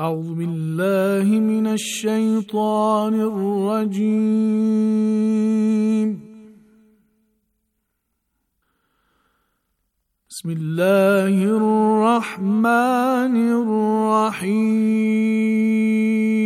أعوذ بالله من الشيطان الرجيم بسم الله الرحمن الرحيم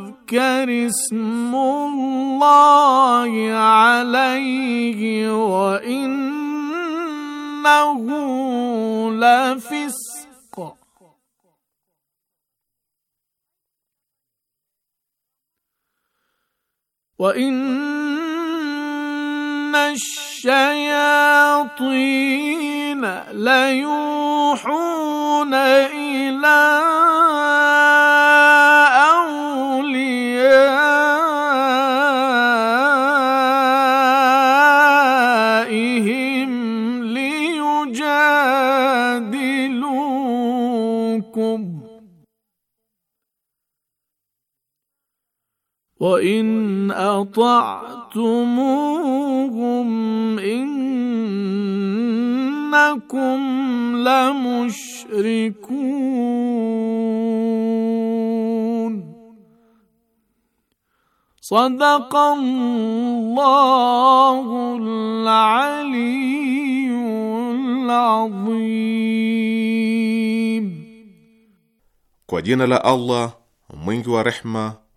ذكر اسم الله عليه وإنه لفسق وإن الشياطين ليوحون إلى وإن أطعتموهم إنكم لمشركون صدق الله العلي العظيم Kwa jina الله Allah mwingi رحمه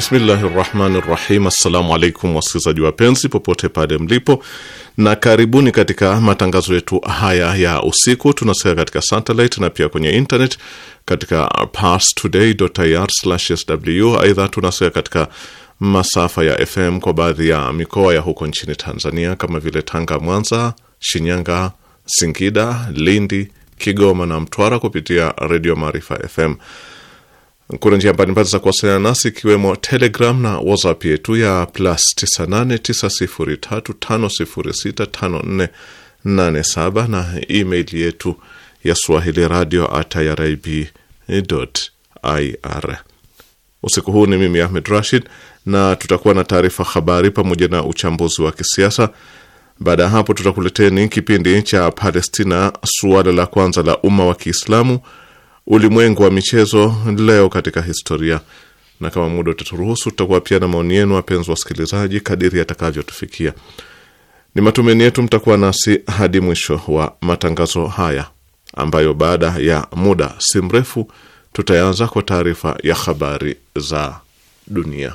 Bismillahi rahmani rahim. Assalamu alaikum wasikilizaji wapenzi popote pale mlipo, na karibuni katika matangazo yetu haya ya usiku. Tunasikia katika satelit na pia kwenye internet katika parstoday.ir/sw. Aidha, tunasikia katika masafa ya FM kwa baadhi ya mikoa ya huko nchini Tanzania kama vile Tanga, Mwanza, Shinyanga, Singida, Lindi, Kigoma na Mtwara kupitia Redio Maarifa FM kuna njia mbalimbali za kuwasiliana nasi ikiwemo Telegram na WhatsApp yetu ya plus 989035065487 na email yetu ya swahili radio at irib ir. Usiku huu ni mimi Ahmed Rashid na tutakuwa na taarifa habari pamoja na uchambuzi wa kisiasa. Baada ya hapo, tutakuleteni kipindi cha Palestina, suala la kwanza la umma wa Kiislamu ulimwengu wa michezo, leo katika historia, na kama muda utaturuhusu, tutakuwa pia na maoni yenu, wapenzi wasikilizaji, kadiri yatakavyotufikia. Ni matumaini yetu mtakuwa nasi hadi mwisho wa matangazo haya, ambayo baada ya muda si mrefu tutaanza kwa taarifa ya habari za dunia.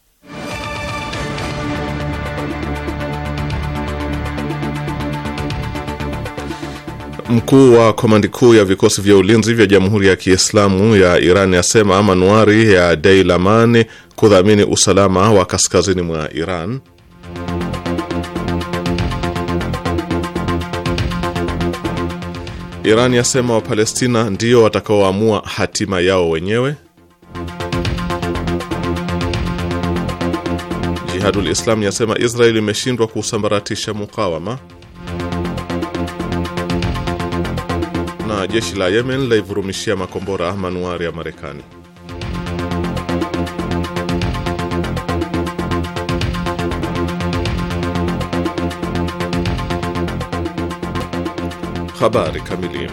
Mkuu wa komandi kuu ya vikosi vya ulinzi vya Jamhuri ya Kiislamu ya Iran asema manuari ya Deilaman kudhamini usalama wa kaskazini mwa Iran. Iran yasema Wapalestina ndio watakaoamua hatima yao wenyewe. Jihadul Islam yasema Israeli imeshindwa kusambaratisha mukawama. jeshi la Yemen laivurumishia makombora manuari ya Marekani. Habari kamili.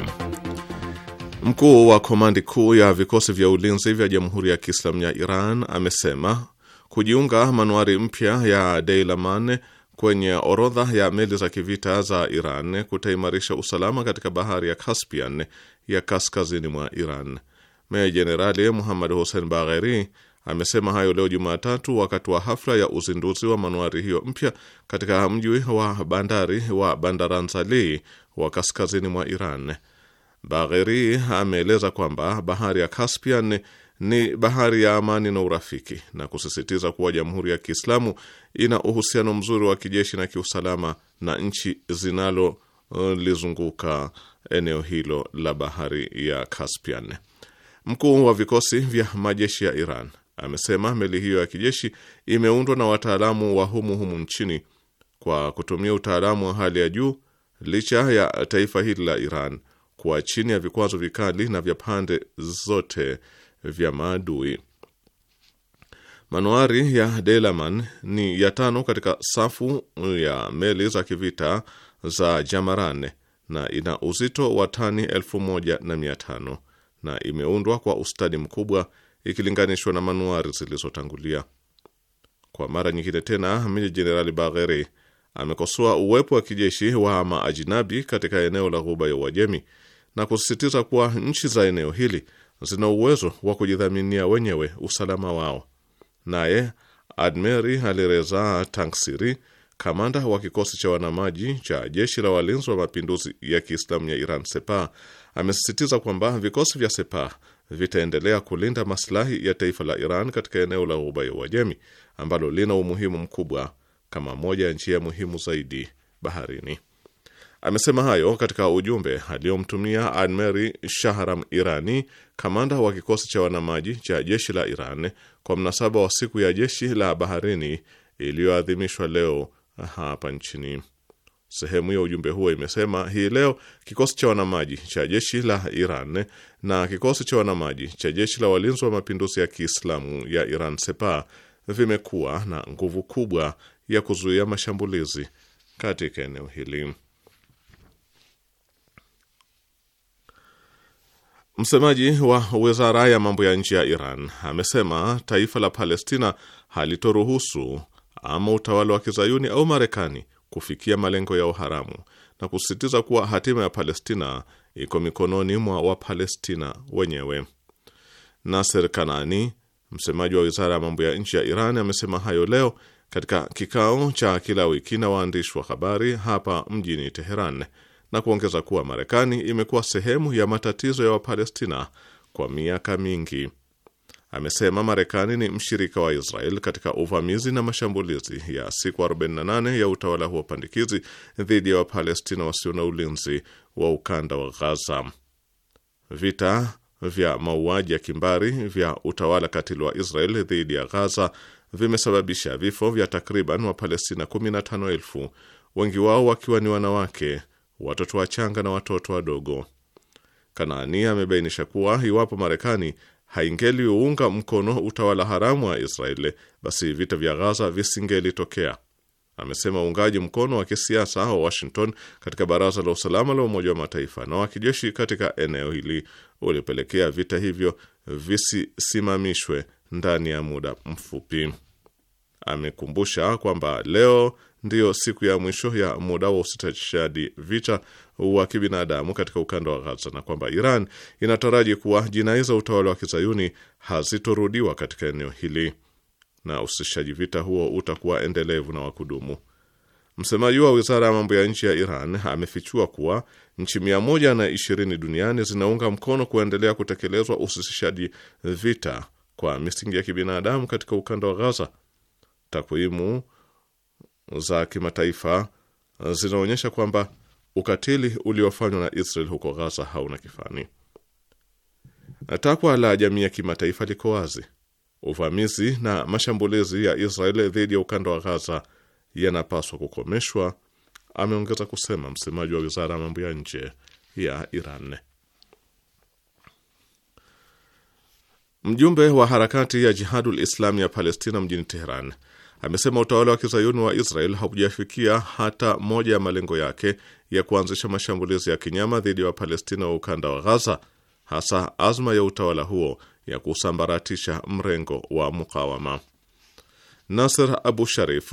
Mkuu wa komandi kuu ya vikosi vya ulinzi vya Jamhuri ya Kiislamu ya Iran amesema kujiunga manuari mpya ya Deilaman kwenye orodha ya meli za kivita za Iran kutaimarisha usalama katika bahari ya Caspian ya kaskazini mwa Iran. Meya Jenerali Muhammad Hussein Bagheri amesema hayo leo Jumatatu wakati wa hafla ya uzinduzi wa manuari hiyo mpya katika mji wa bandari wa Bandaranzali wa kaskazini mwa Iran. Bagheri ameeleza kwamba bahari ya Caspian ni bahari ya amani na urafiki, na kusisitiza kuwa Jamhuri ya Kiislamu ina uhusiano mzuri wa kijeshi na kiusalama na nchi zinalolizunguka eneo hilo la bahari ya Caspian. Mkuu wa vikosi vya majeshi ya Iran amesema meli hiyo ya kijeshi imeundwa na wataalamu wa humu humu nchini kwa kutumia utaalamu wa hali ya juu, licha ya taifa hili la Iran kuwa chini ya vikwazo vikali na vya pande zote vya maadui. Manuari ya Delaman ni ya tano katika safu ya meli za kivita za Jamaran na ina uzito wa tani elfu moja na mia tano na imeundwa kwa ustadi mkubwa ikilinganishwa na manuari zilizotangulia. Kwa mara nyingine tena, Meja Jenerali Bagheri amekosoa uwepo wa kijeshi wa maajinabi katika eneo la Ghuba ya Uajemi na kusisitiza kuwa nchi za eneo hili zina uwezo wa kujidhaminia wenyewe usalama wao. Naye Admeri Alireza Tangsiri, kamanda wa kikosi cha wanamaji cha jeshi la walinzi wa mapinduzi ya Kiislamu ya Iran sepa amesisitiza kwamba vikosi vya sepa vitaendelea kulinda maslahi ya taifa la Iran katika eneo la Ghuba ya Uajemi ambalo lina umuhimu mkubwa kama moja ya njia muhimu zaidi baharini. Amesema hayo katika ujumbe aliyomtumia Admeri Shahram Irani, kamanda wa kikosi cha wanamaji cha jeshi la Iran kwa mnasaba wa siku ya jeshi la baharini iliyoadhimishwa leo hapa nchini. Sehemu ya ujumbe huo imesema hii leo kikosi cha wanamaji cha jeshi la Iran na kikosi cha wanamaji cha jeshi la walinzi wa mapinduzi ya Kiislamu ya Iran sepa vimekuwa na nguvu kubwa ya kuzuia mashambulizi katika eneo hili. Msemaji wa wizara ya mambo ya nje ya Iran amesema taifa la Palestina halitoruhusu ama utawala wa kizayuni au Marekani kufikia malengo yao haramu na kusisitiza kuwa hatima ya Palestina iko mikononi mwa Wapalestina wenyewe. Naser Kanani, msemaji wa wizara ya mambo ya nchi ya Iran, amesema hayo leo katika kikao cha kila wiki na waandishi wa habari hapa mjini Teheran na kuongeza kuwa Marekani imekuwa sehemu ya matatizo ya Wapalestina kwa miaka mingi. Amesema Marekani ni mshirika wa Israel katika uvamizi na mashambulizi ya siku 48 ya utawala huo pandikizi dhidi ya Wapalestina wasio na ulinzi wa ukanda wa Ghaza. Vita vya mauaji ya kimbari vya utawala katili wa Israel dhidi ya Ghaza vimesababisha vifo vya takriban Wapalestina 15,000 wengi wao wakiwa ni wanawake watoto wachanga na watoto wadogo. Kanaani amebainisha kuwa iwapo Marekani haingeliunga mkono utawala haramu wa Israeli, basi vita vya Ghaza visingelitokea. Amesema uungaji mkono wa kisiasa wa Washington katika Baraza la Usalama la Umoja wa Mataifa na wa kijeshi katika eneo hili ulipelekea vita hivyo visisimamishwe ndani ya muda mfupi. Amekumbusha kwamba leo ndiyo siku ya mwisho ya muda wa usitishaji vita wa kibinadamu katika ukanda wa Ghaza na kwamba Iran inataraji kuwa jinai za utawala wa kizayuni hazitorudiwa katika eneo hili na usitishaji vita huo utakuwa endelevu na wakudumu. Msemaji wa wizara ya mambo ya nchi ya Iran amefichua kuwa nchi mia moja na ishirini duniani zinaunga mkono kuendelea kutekelezwa usitishaji vita kwa misingi ya kibinadamu katika ukanda wa Ghaza. Takwimu za kimataifa eh, zinaonyesha kwamba ukatili uliofanywa na Israel huko Gaza hauna kifani. Takwa la jamii ya kimataifa liko wazi. Uvamizi na mashambulizi ya Israel dhidi ya ukanda wa Gaza yanapaswa kukomeshwa, ameongeza kusema msemaji wa wizara ya mambo ya nje ya Iran. Mjumbe wa harakati ya Jihadul Islami ya Palestina mjini Teheran amesema utawala wa kizayuni wa Israel haujafikia hata moja ya malengo yake ya kuanzisha mashambulizi ya kinyama dhidi ya wa Wapalestina wa ukanda wa Ghaza, hasa azma ya utawala huo ya kusambaratisha mrengo wa mukawama. Nasser Abu Sharif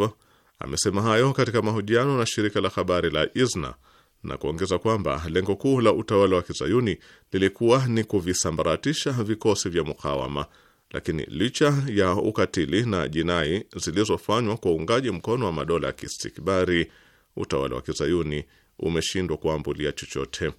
amesema hayo katika mahojiano na shirika la habari la ISNA na kuongeza kwamba lengo kuu la utawala wa kizayuni lilikuwa ni kuvisambaratisha vikosi vya mukawama lakini licha ya ukatili na jinai zilizofanywa kwa uungaji mkono wa madola ya kistikbari, utawala wa kizayuni umeshindwa kuambulia chochote.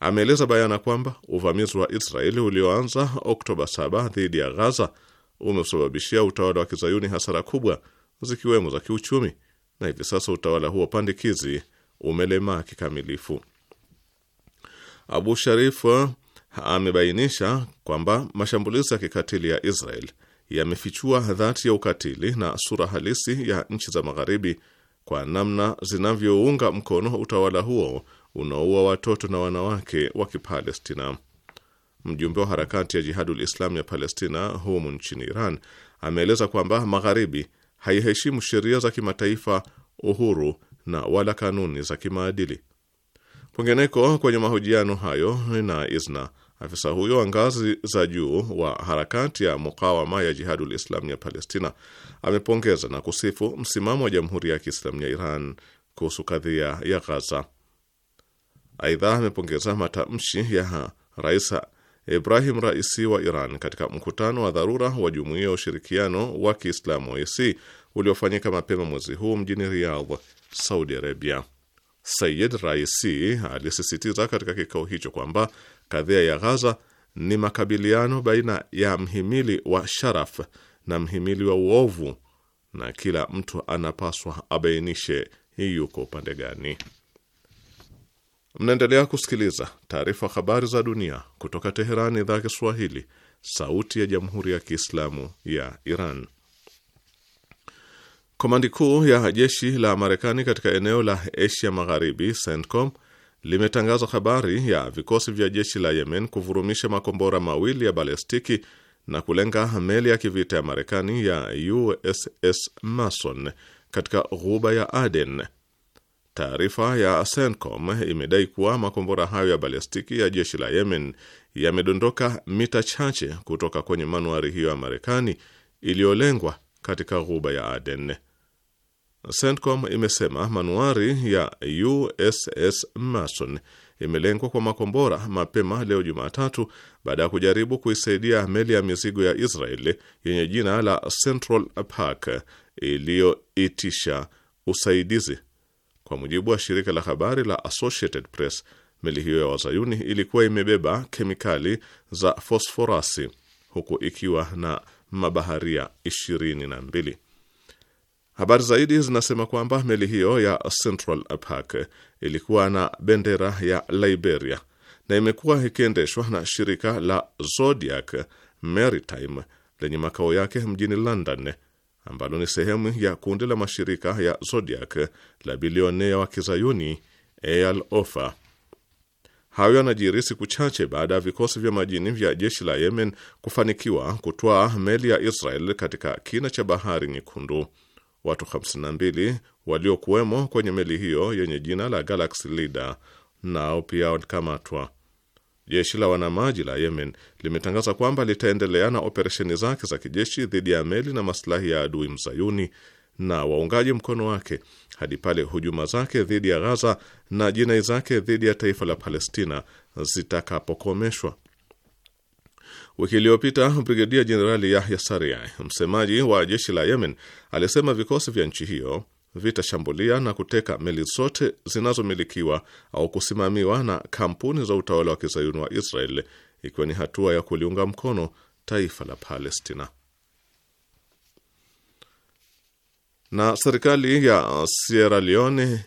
Ameeleza bayana kwamba uvamizi wa Israeli ulioanza Oktoba 7 dhidi ya Ghaza umesababishia utawala wa kizayuni hasara kubwa zikiwemo za kiuchumi, na hivi sasa utawala huo pandikizi umelemaa kikamilifu. Abu Sharif amebainisha kwamba mashambulizi ya kikatili ya Israel yamefichua dhati ya ukatili na sura halisi ya nchi za Magharibi kwa namna zinavyounga mkono utawala huo unaoua watoto na wanawake wa Kipalestina. Mjumbe wa harakati ya Jihadul Islam ya Palestina humu nchini Iran ameeleza kwamba Magharibi haiheshimu sheria za kimataifa, uhuru na wala kanuni za kimaadili. Kwingineko kwenye mahojiano hayo na ISNA, afisa huyo wa ngazi za juu wa harakati ya mukawama ya Jihadul Islami ya Palestina amepongeza na kusifu msimamo wa Jamhuri ya Kiislamu ya Iran kuhusu kadhia ya Ghaza. Aidha, amepongeza matamshi ya Rais Ibrahim Raisi wa Iran katika mkutano wa dharura wa Jumuiya ya Ushirikiano wa Kiislamu OIC uliofanyika mapema mwezi huu mjini Riyadh, Saudi Arabia. Sayid Raisi alisisitiza katika kikao hicho kwamba kadhia ya Ghaza ni makabiliano baina ya mhimili wa sharaf na mhimili wa uovu na kila mtu anapaswa abainishe yuko upande gani. Mnaendelea kusikiliza taarifa habari za dunia kutoka Teherani, idhaa Kiswahili, sauti ya jamhuri ya kiislamu ya Iran. Komandi kuu ya jeshi la Marekani katika eneo la Asia Magharibi, CENTCOM, limetangaza habari ya vikosi vya jeshi la Yemen kuvurumisha makombora mawili ya balestiki na kulenga meli ya kivita ya Marekani ya USS Mason katika ghuba ya Aden. Taarifa ya CENTCOM imedai kuwa makombora hayo ya balestiki ya jeshi la Yemen yamedondoka mita chache kutoka kwenye manuari hiyo ya Marekani iliyolengwa katika ghuba ya Aden. CENTCOM imesema manuari ya USS Mason imelengwa kwa makombora mapema leo Jumatatu baada ya kujaribu kuisaidia meli ya mizigo ya Israeli yenye jina la Central Park iliyoitisha usaidizi. Kwa mujibu wa shirika la habari la Associated Press, meli hiyo ya wazayuni ilikuwa imebeba kemikali za fosforasi huku ikiwa na mabaharia ishirini na mbili. Habari zaidi zinasema kwamba meli hiyo ya Central Park ilikuwa na bendera ya Liberia na imekuwa ikiendeshwa na shirika la Zodiac Maritime lenye makao yake mjini London, ambalo ni sehemu ya kundi la mashirika ya Zodiac la bilionea wa kizayuni Eyal Ofer. Hayo yanajiri siku chache baada ya vikosi vya majini vya jeshi la Yemen kufanikiwa kutwaa meli ya Israel katika kina cha bahari Nyekundu. Watu 52 waliokuwemo kwenye meli hiyo yenye jina la Galaxy Leader nao pia walikamatwa. Jeshi la wanamaji la Yemen limetangaza kwamba litaendelea na operesheni zake za kijeshi dhidi ya meli na masilahi ya adui mzayuni na waungaji mkono wake hadi pale hujuma zake dhidi ya Ghaza na jinai zake dhidi ya taifa la Palestina zitakapokomeshwa. Wiki iliyopita Brigedia Jenerali Yahya Saria, msemaji wa jeshi la Yemen, alisema vikosi vya nchi hiyo vitashambulia na kuteka meli zote zinazomilikiwa au kusimamiwa na kampuni za utawala wa kizayuni wa Israel, ikiwa ni hatua ya kuliunga mkono taifa la Palestina. Na serikali ya Sierra Leone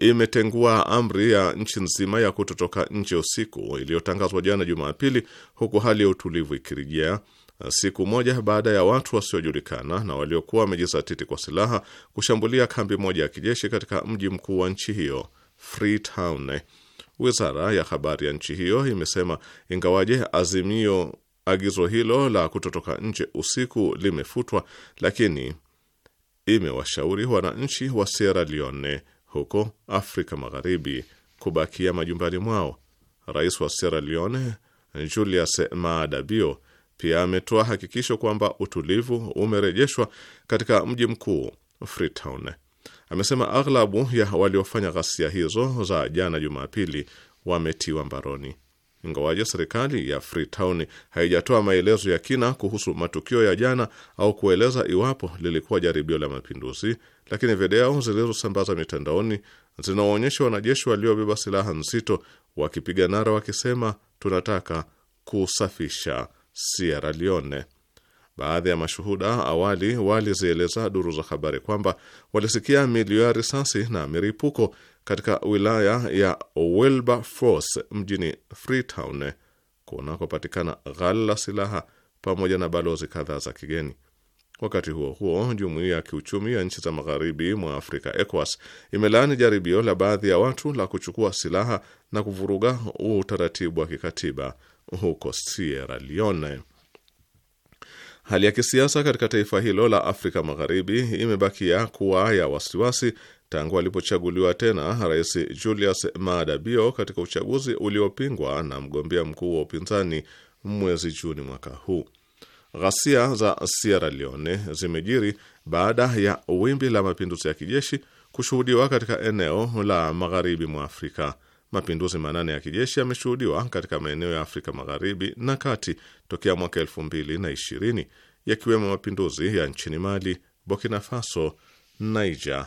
imetengua amri ya nchi nzima ya kutotoka nje usiku iliyotangazwa jana Jumapili, huku hali ya utulivu ikirejea uh, siku moja baada ya watu wasiojulikana na waliokuwa wamejizatiti kwa silaha kushambulia kambi moja ya kijeshi katika mji mkuu wa nchi hiyo Freetown. Wizara ya habari ya nchi hiyo imesema ingawaje azimio agizo hilo la kutotoka nje usiku limefutwa, lakini imewashauri wananchi wa Sierra Leone huko Afrika Magharibi kubakia majumbani mwao. Rais wa Sierra Leone Julius Maada Bio pia ametoa hakikisho kwamba utulivu umerejeshwa katika mji mkuu Freetown. Amesema aghlabu ya waliofanya ghasia hizo za jana Jumapili wametiwa mbaroni ingawaje serikali ya Freetown haijatoa maelezo ya kina kuhusu matukio ya jana au kueleza iwapo lilikuwa jaribio la mapinduzi, lakini video zilizosambaza mitandaoni zinaonyesha wanajeshi waliobeba silaha nzito wakipiga nara wakisema, tunataka kusafisha Sierra Leone. Baadhi ya mashuhuda awali walizieleza duru za habari kwamba walisikia milio ya risasi na miripuko katika wilaya ya Wilberforce mjini Freetown kunakopatikana ghala la silaha pamoja na balozi kadhaa za kigeni. Wakati huo huo, jumuiya ya kiuchumi ya nchi za magharibi mwa Afrika ECOWAS imelaani jaribio la baadhi ya watu la kuchukua silaha na kuvuruga utaratibu wa kikatiba huko Sierra Leone. Hali ya kisiasa katika taifa hilo la Afrika Magharibi imebakia kuwa ya wasiwasi Tangu alipochaguliwa tena Rais Julius Maada Bio katika uchaguzi uliopingwa na mgombea mkuu wa upinzani mwezi Juni mwaka huu. Ghasia za Sierra Leone zimejiri baada ya wimbi la mapinduzi ya kijeshi kushuhudiwa katika eneo la magharibi mwa Afrika. Mapinduzi manane ya kijeshi yameshuhudiwa katika maeneo ya Afrika magharibi na kati tokea mwaka elfu mbili na ishirini, yakiwemo mapinduzi ya nchini Mali, Burkina Faso, Niger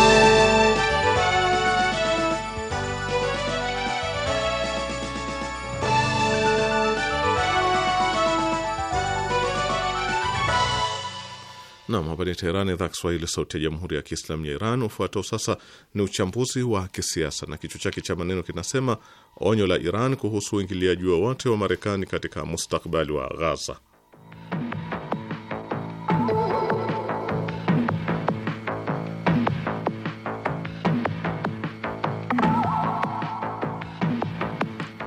Nam, hapa ni Teherani, idhaa Kiswahili, sauti ya jamhuri ya kiislamu ya Iran. Ufuatao sasa ni uchambuzi wa kisiasa na kichwa chake cha maneno kinasema: onyo la Iran kuhusu uingiliaji wowote wa Marekani katika mustakbali wa Ghaza.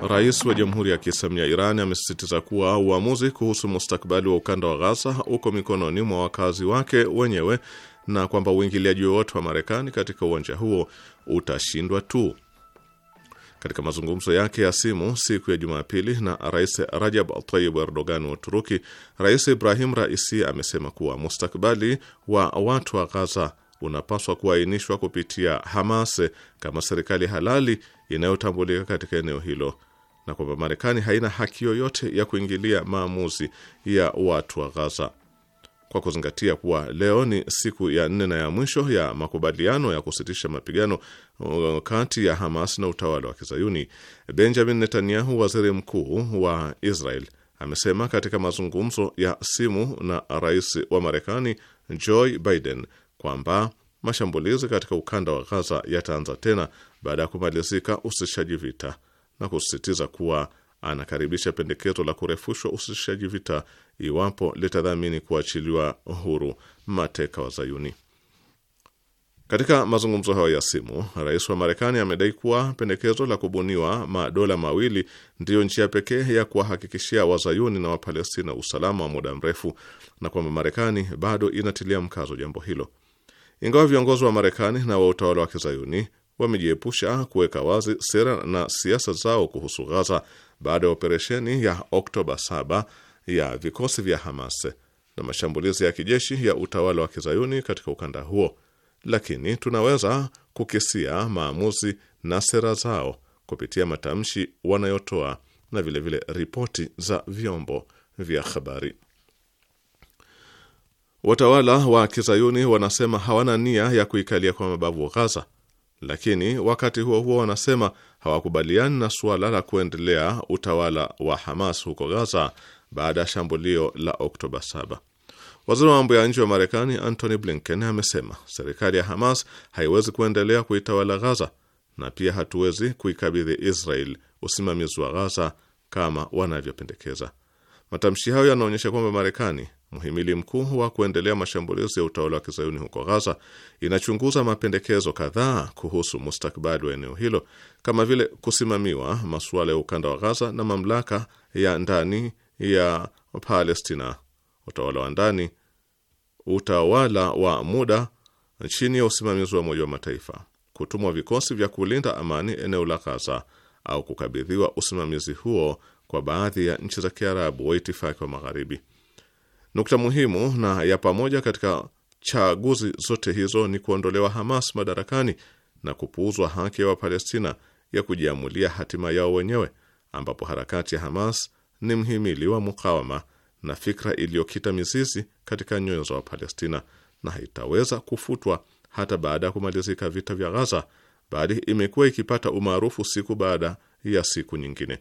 Rais wa Jamhuri ya Kiislamu ya Iran amesisitiza kuwa uamuzi kuhusu mustakabali wa ukanda wa Ghaza uko mikononi mwa wakazi wake wenyewe na kwamba uingiliaji wowote wa Marekani katika uwanja huo utashindwa tu. Katika mazungumzo yake ya simu siku ya Jumapili na Rais Rajab Tayyib Erdogan wa Uturuki, Rais Ibrahim Raisi amesema kuwa mustakabali wa watu wa Ghaza unapaswa kuainishwa kupitia Hamas kama serikali halali inayotambulika katika eneo hilo na kwamba Marekani haina haki yoyote ya kuingilia maamuzi ya watu wa Ghaza. Kwa kuzingatia kuwa leo ni siku ya nne na ya mwisho ya makubaliano ya kusitisha mapigano uh, kati ya Hamas na utawala wa Kizayuni, Benjamin Netanyahu, waziri mkuu wa Israel, amesema katika mazungumzo ya simu na rais wa Marekani Joe Biden kwamba mashambulizi katika ukanda wa Gaza yataanza tena baada ya kumalizika usitishaji vita na kusisitiza kuwa anakaribisha pendekezo la kurefushwa usitishaji vita iwapo litadhamini kuachiliwa huru mateka wa Zayuni. Katika mazungumzo hayo ya simu, rais wa Marekani amedai kuwa pendekezo la kubuniwa madola mawili ndiyo njia pekee ya kuwahakikishia Wazayuni na Wapalestina usalama wa muda mrefu na kwamba Marekani bado inatilia mkazo jambo hilo, ingawa viongozi wa Marekani na wa utawala wa Kizayuni wamejiepusha kuweka wazi sera na siasa zao kuhusu Ghaza baada ya operesheni ya Oktoba 7 ya vikosi vya Hamas na mashambulizi ya kijeshi ya utawala wa kizayuni katika ukanda huo, lakini tunaweza kukisia maamuzi na sera zao kupitia matamshi wanayotoa na vilevile vile ripoti za vyombo vya habari. Watawala wa kizayuni wanasema hawana nia ya kuikalia kwa mabavu Ghaza lakini wakati huo huo wanasema hawakubaliani na suala la kuendelea utawala wa Hamas huko Gaza baada ya shambulio la Oktoba 7. Waziri wa mambo ya nje wa Marekani Antony Blinken amesema serikali ya Hamas haiwezi kuendelea kuitawala Gaza na pia hatuwezi kuikabidhi Israel usimamizi wa Gaza kama wanavyopendekeza. Matamshi hayo yanaonyesha kwamba Marekani Mhimili mkuu wa kuendelea mashambulizi ya utawala wa kizayuni huko Ghaza inachunguza mapendekezo kadhaa kuhusu mustakabali wa eneo hilo kama vile kusimamiwa masuala ya ukanda wa Ghaza na mamlaka ya ndani ya Palestina, utawala wa ndani, utawala wa muda chini ya usimamizi wa Umoja wa Mataifa, kutumwa vikosi vya kulinda amani eneo la Ghaza au kukabidhiwa usimamizi huo kwa baadhi ya nchi za Kiarabu wa Itifaki wa Magharibi. Nukta muhimu na ya pamoja katika chaguzi zote hizo ni kuondolewa Hamas madarakani na kupuuzwa haki ya Wapalestina ya kujiamulia hatima yao wenyewe, ambapo harakati ya Hamas ni mhimili wa mukawama na fikra iliyokita mizizi katika nyoyo za Wapalestina na haitaweza kufutwa hata baada ya kumalizika vita vya Ghaza, bali imekuwa ikipata umaarufu siku baada ya siku nyingine.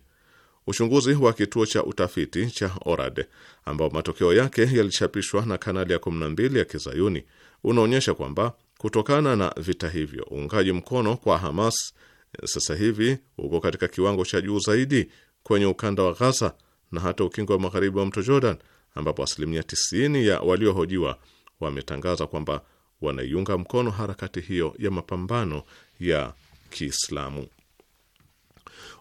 Uchunguzi wa kituo cha utafiti cha ORAD ambao matokeo yake yalichapishwa na kanali ya 12 ya Kizayuni unaonyesha kwamba kutokana na vita hivyo uungaji mkono kwa Hamas sasa hivi uko katika kiwango cha juu zaidi kwenye ukanda wa Ghaza na hata ukingo wa magharibi wa mto Jordan, ambapo asilimia 90 ya waliohojiwa wametangaza kwamba wanaiunga mkono harakati hiyo ya mapambano ya Kiislamu.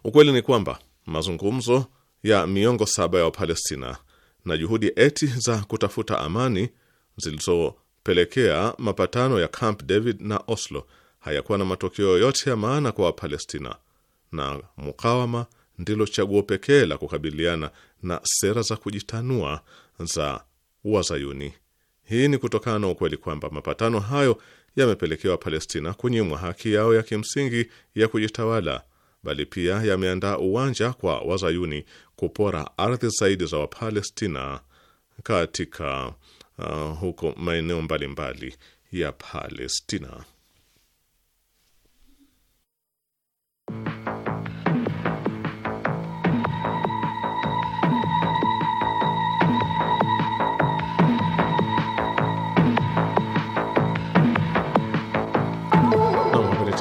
Ukweli ni kwamba mazungumzo ya miongo saba ya Wapalestina na juhudi eti za kutafuta amani zilizopelekea mapatano ya Camp David na Oslo hayakuwa na matokeo yoyote ya maana kwa Wapalestina, na mukawama ndilo chaguo pekee la kukabiliana na sera za kujitanua za Wazayuni. Hii ni kutokana na ukweli kwamba mapatano hayo yamepelekewa Palestina kunyimwa haki yao ya kimsingi ya kujitawala bali pia yameandaa uwanja kwa wazayuni kupora ardhi zaidi za Wapalestina katika uh, huko maeneo mbalimbali ya Palestina.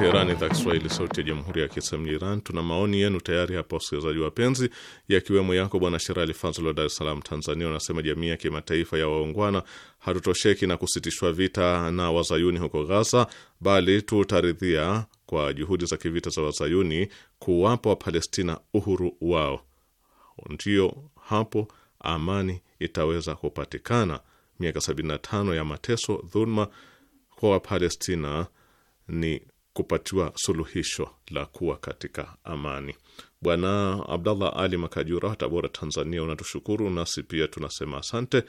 Teherani, idhaa Kiswahili, sauti ya jamhuri ya kiislamu ya Iran. Tuna maoni yenu tayari hapa, wasikilizaji wapenzi, yakiwemo yako bwana Sherali Fazl wa Dar es Salaam, Tanzania. Unasema jamii ya kimataifa ya waungwana, hatutosheki na kusitishwa vita na wazayuni huko Ghaza, bali tutaridhia kwa juhudi za kivita za wazayuni kuwapa Wapalestina uhuru wao, ndiyo hapo amani itaweza kupatikana. Miaka 75 ya mateso, dhuluma kwa Wapalestina ni kupatiwa suluhisho la kuwa katika amani. Bwana Abdallah Ali Makajura wa Tabora, Tanzania, unatushukuru nasi pia tunasema asante.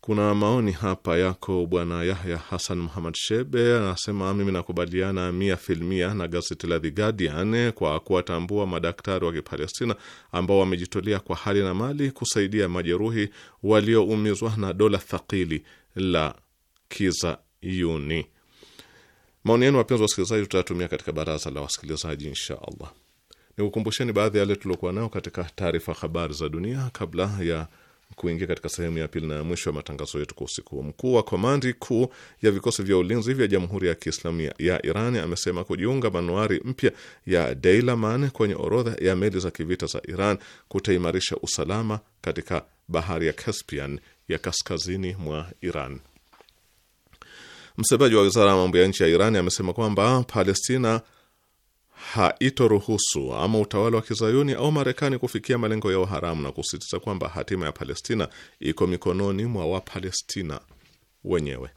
Kuna maoni hapa yako Bwana Yahya Hasan Muhamad Shebe anasema mimi nakubaliana mia filmia na gazeti la The Guardian kwa kuwatambua madaktari wa Kipalestina ambao wamejitolea kwa hali na mali kusaidia majeruhi walioumizwa na dola thakili la kizayuni. Maoni yenu wapenzi wasikilizaji, tutayatumia katika baraza la wasikilizaji insha allah. Nikukumbusheni baadhi ya yale tuliokuwa nayo katika taarifa habari za dunia kabla ya kuingia katika sehemu ya pili na ya mwisho ya matangazo yetu kwa usiku huu. Mkuu wa komandi kuu ya vikosi vya ulinzi vya Jamhuri ya Kiislamu ya Iran amesema kujiunga manuari mpya ya Deilaman kwenye orodha ya meli za kivita za Iran kutaimarisha usalama katika bahari ya Caspian ya kaskazini mwa Iran. Msemaji wa wizara ya mambo ya nchi ya Iran amesema kwamba Palestina haitoruhusu ama utawala wa kizayuni au Marekani kufikia malengo yao haramu na kusisitiza kwamba hatima ya Palestina iko mikononi mwa Wapalestina wenyewe.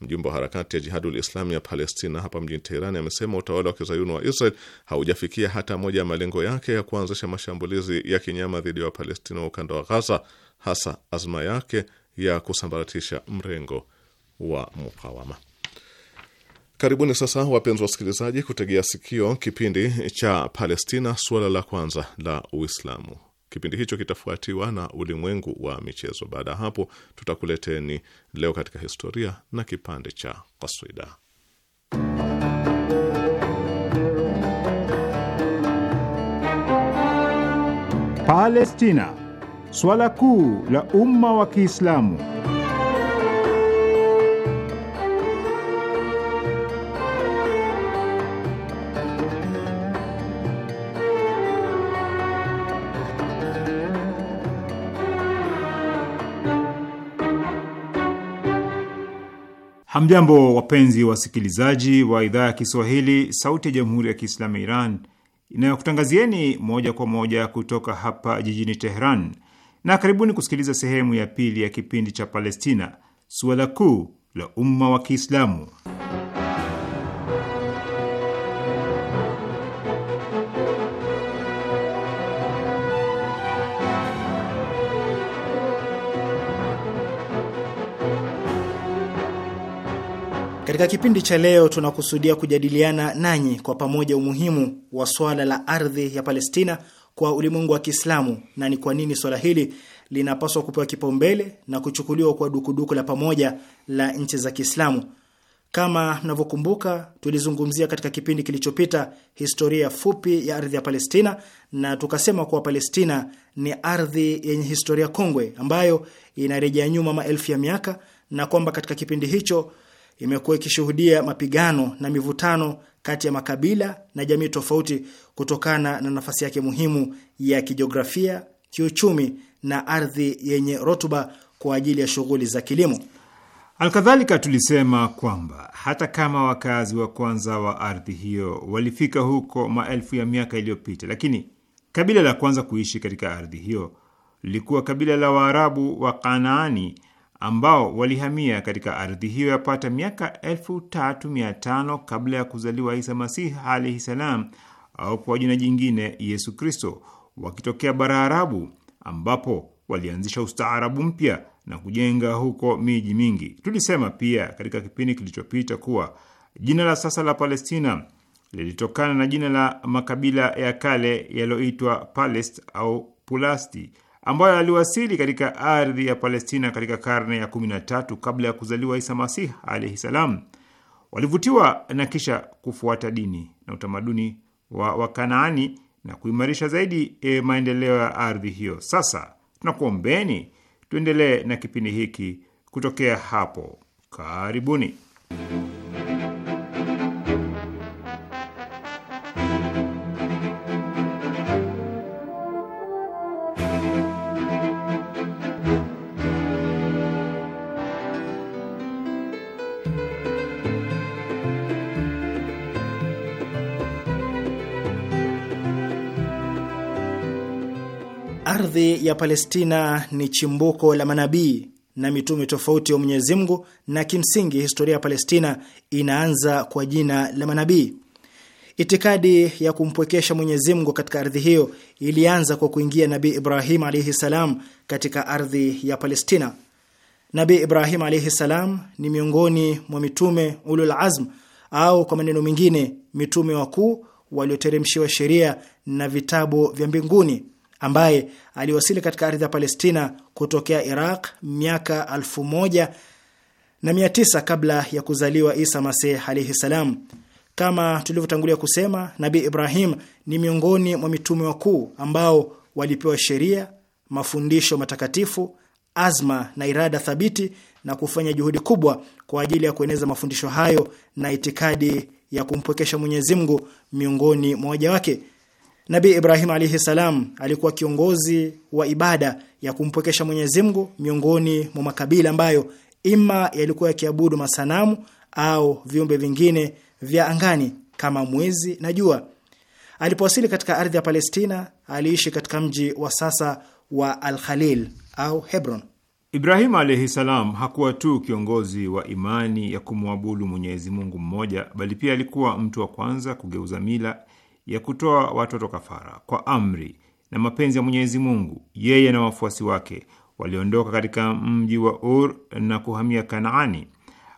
Mjumbe wa harakati ya Jihadul Islami ya Palestina hapa mjini Teheran amesema utawala wa kizayuni wa Israel haujafikia hata moja ya malengo yake ya kuanzisha mashambulizi ya kinyama dhidi ya Wapalestina wa ukanda wa Ghaza, hasa azma yake ya kusambaratisha mrengo wa mukawama. Karibuni sasa, wapenzi wasikilizaji, kutegea sikio kipindi cha Palestina, suala la kwanza la Uislamu. Kipindi hicho kitafuatiwa na ulimwengu wa michezo. Baada ya hapo, tutakuleteni leo katika historia na kipande cha kaswida. Palestina, swala kuu la umma wa Kiislamu. Hamjambo, wapenzi wasikilizaji wa idhaa ya Kiswahili, Sauti ya Jamhuri ya Kiislamu ya Iran inayokutangazieni moja kwa moja kutoka hapa jijini Teheran, na karibuni kusikiliza sehemu ya pili ya kipindi cha Palestina, suala kuu la umma wa Kiislamu. Katika kipindi cha leo tunakusudia kujadiliana nanyi kwa pamoja umuhimu wa swala la ardhi ya Palestina kwa ulimwengu wa Kiislamu na ni kwa nini swala hili linapaswa kupewa kipaumbele na kuchukuliwa kwa dukuduku la pamoja la nchi za Kiislamu. Kama mnavyokumbuka, tulizungumzia katika kipindi kilichopita historia fupi ya ardhi ya Palestina na tukasema kuwa Palestina ni ardhi yenye historia kongwe ambayo inarejea nyuma maelfu ya miaka na kwamba katika kipindi hicho imekuwa ikishuhudia mapigano na mivutano kati ya makabila na jamii tofauti kutokana na nafasi yake muhimu ya kijiografia, kiuchumi na ardhi yenye rutuba kwa ajili ya shughuli za kilimo. Alkadhalika, tulisema kwamba hata kama wakazi wa kwanza wa ardhi hiyo walifika huko maelfu ya miaka iliyopita, lakini kabila la kwanza kuishi katika ardhi hiyo lilikuwa kabila la Waarabu wa Kanaani ambao walihamia katika ardhi hiyo yapata miaka elfu tatu mia tano kabla ya kuzaliwa Isa Masihi alaihi salam, au kwa jina jingine Yesu Kristo, wakitokea bara Arabu ambapo walianzisha ustaarabu mpya na kujenga huko miji mingi. Tulisema pia katika kipindi kilichopita kuwa jina la sasa la Palestina lilitokana na jina la makabila ya kale yaliyoitwa Palest au Pulasti ambayo aliwasili katika ardhi ya Palestina katika karne ya 13 kabla ya kuzaliwa Isa Masih alaihi salam. Walivutiwa na kisha kufuata dini na utamaduni wa Wakanaani na kuimarisha zaidi e, maendeleo ya ardhi hiyo. Sasa tunakuombeni tuendelee na kipindi hiki kutokea hapo karibuni. ya Palestina ni chimbuko la manabii na mitume tofauti ya Mwenyezi Mungu, na kimsingi historia ya Palestina inaanza kwa jina la manabii. Itikadi ya kumpwekesha Mwenyezi Mungu katika ardhi hiyo ilianza kwa kuingia Nabii Ibrahim alaihi salam katika ardhi ya Palestina. Nabii Ibrahim alaihi salam ni miongoni mwa mitume ulul azm, au kwa maneno mengine, mitume wakuu walioteremshiwa sheria na vitabu vya mbinguni ambaye aliwasili katika ardhi ya Palestina kutokea Iraq miaka elfu moja na mia tisa kabla ya kuzaliwa Isa Masih alaihi salam. Kama tulivyotangulia kusema, Nabii Ibrahim ni miongoni mwa mitume wakuu ambao walipewa sheria, mafundisho matakatifu, azma na irada thabiti na kufanya juhudi kubwa kwa ajili ya kueneza mafundisho hayo na itikadi ya kumpwekesha Mwenyezi Mungu miongoni mwa waja wake. Nabii Ibrahim alaihi salam alikuwa kiongozi wa ibada ya kumpwekesha Mwenyezi Mungu miongoni mwa makabila ambayo ima yalikuwa yakiabudu masanamu au viumbe vingine vya angani kama mwezi na jua. Alipowasili katika ardhi ya Palestina, aliishi katika mji wa sasa wa Al-Khalil au Hebron. Ibrahim alaihi salam hakuwa tu kiongozi wa imani ya kumwabudu Mwenyezi Mungu mmoja, bali pia alikuwa mtu wa kwanza kugeuza mila ya kutoa watoto kafara kwa amri na mapenzi ya Mwenyezi Mungu, yeye na wafuasi wake waliondoka katika mji wa Ur na kuhamia Kanaani.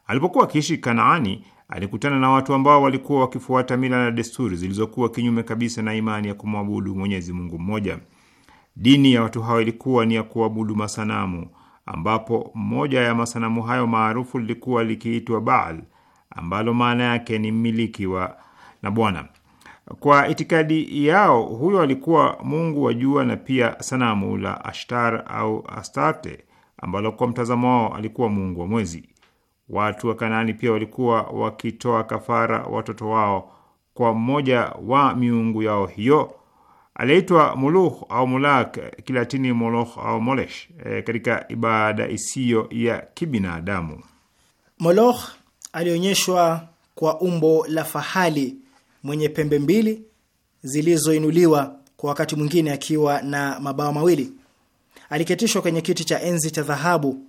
Alipokuwa akiishi Kanaani, alikutana na watu ambao walikuwa wakifuata mila na desturi zilizokuwa kinyume kabisa na imani ya kumwabudu Mwenyezi Mungu mmoja. Dini ya watu hao ilikuwa ni ya kuabudu masanamu, ambapo moja ya masanamu hayo maarufu lilikuwa likiitwa Baal, ambalo maana yake ni mmiliki wa na bwana. Kwa itikadi yao huyo alikuwa mungu wa jua na pia sanamu la Ashtar au Astarte ambalo kwa mtazamo wao alikuwa mungu wa mwezi. Watu wa Kanaani pia walikuwa wakitoa kafara watoto wao kwa mmoja wa miungu yao hiyo aliyeitwa Muluh au Mulak, Kilatini Moloch au Molesh, e, katika ibada isiyo ya kibinadamu. Moloch alionyeshwa kwa umbo la fahali mwenye pembe mbili zilizoinuliwa kwa wakati mwingine akiwa na mabawa mawili. Aliketishwa kwenye kiti cha enzi cha dhahabu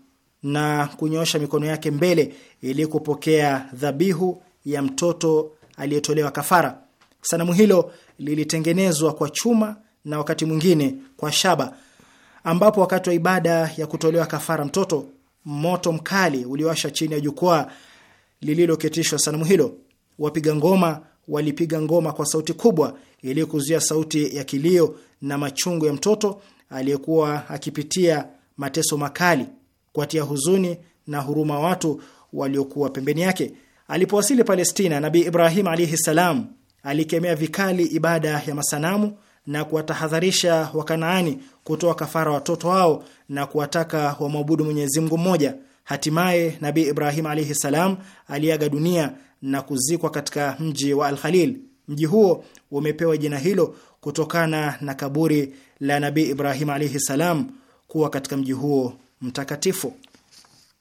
na kunyoosha mikono yake mbele ili kupokea dhabihu ya mtoto aliyetolewa kafara. Sanamu hilo lilitengenezwa kwa chuma na wakati mwingine kwa shaba, ambapo wakati wa ibada ya kutolewa kafara mtoto, moto mkali uliowasha chini ya jukwaa lililoketishwa sanamu hilo. Wapiga ngoma walipiga ngoma kwa sauti kubwa ili kuzuia sauti ya kilio na machungu ya mtoto aliyekuwa akipitia mateso makali, kuatia huzuni na huruma watu waliokuwa pembeni yake. Alipowasili Palestina, Nabii Ibrahim alaihi salam alikemea vikali ibada ya masanamu na kuwatahadharisha Wakanaani kutoa kafara watoto wao na kuwataka wamwabudu Mwenyezi Mungu mmoja. Hatimaye Nabii Ibrahim alaihi salam aliaga dunia na kuzikwa katika mji wa Al-Khalil. Mji huo umepewa jina hilo kutokana na kaburi la Nabii Ibrahim alaihi salam kuwa katika mji huo mtakatifu.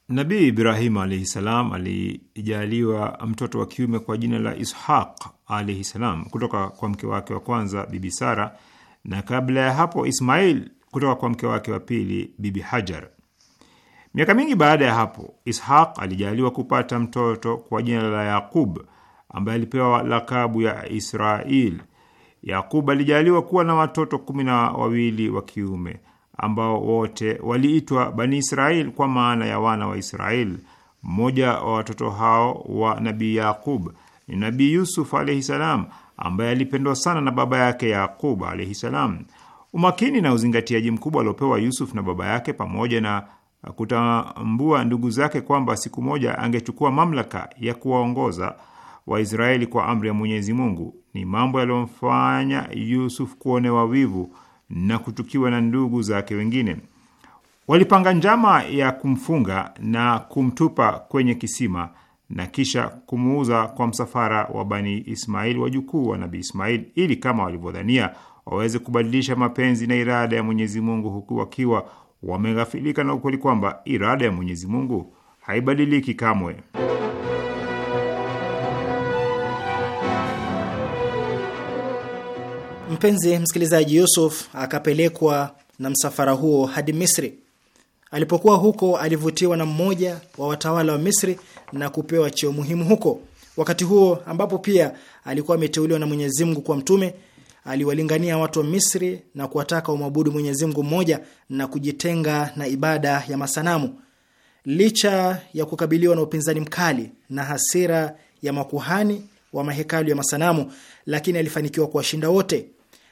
Nabii Ibrahim alaihi salam alijaliwa mtoto wa kiume kwa jina la Ishaq alaihi salam kutoka kwa mke wake wa kwanza Bibi Sara, na kabla ya hapo Ismail kutoka kwa mke wake wa pili Bibi Hajar. Miaka mingi baada ya hapo, Ishaq alijaliwa kupata mtoto kwa jina la Yaqub ambaye alipewa lakabu ya israel Yaqub alijaliwa kuwa na watoto kumi na wawili wa kiume ambao wote waliitwa Bani israel kwa maana ya wana wa israel Mmoja wa watoto hao wa Nabii Yaqub ni Nabii Yusuf alaihi salam, ambaye alipendwa sana na baba yake Yaqub alaihi salam. Umakini na uzingatiaji mkubwa aliopewa Yusuf na baba yake pamoja na kutambua ndugu zake kwamba siku moja angechukua mamlaka ya kuwaongoza Waisraeli kwa amri ya Mwenyezi Mungu. Ni mambo yaliyomfanya Yusuf kuonewa wivu na kuchukiwa na ndugu zake wengine. Walipanga njama ya kumfunga na kumtupa kwenye kisima na kisha kumuuza kwa msafara wa Bani Ismail, wajukuu wa Nabii Ismail, ili kama walivyodhania waweze kubadilisha mapenzi na irada ya Mwenyezi Mungu huku wakiwa wameghafilika na ukweli kwamba irada ya Mwenyezi Mungu haibadiliki kamwe. Mpenzi msikilizaji, Yusuf akapelekwa na msafara huo hadi Misri. Alipokuwa huko, alivutiwa na mmoja wa watawala wa Misri na kupewa cheo muhimu huko, wakati huo ambapo pia alikuwa ameteuliwa na Mwenyezi Mungu kwa mtume aliwalingania watu wa Misri na kuwataka wamwabudu Mwenyezi Mungu mmoja na kujitenga na ibada ya masanamu. Licha ya kukabiliwa na upinzani mkali na hasira ya makuhani wa mahekalu ya masanamu, lakini alifanikiwa kuwashinda wote.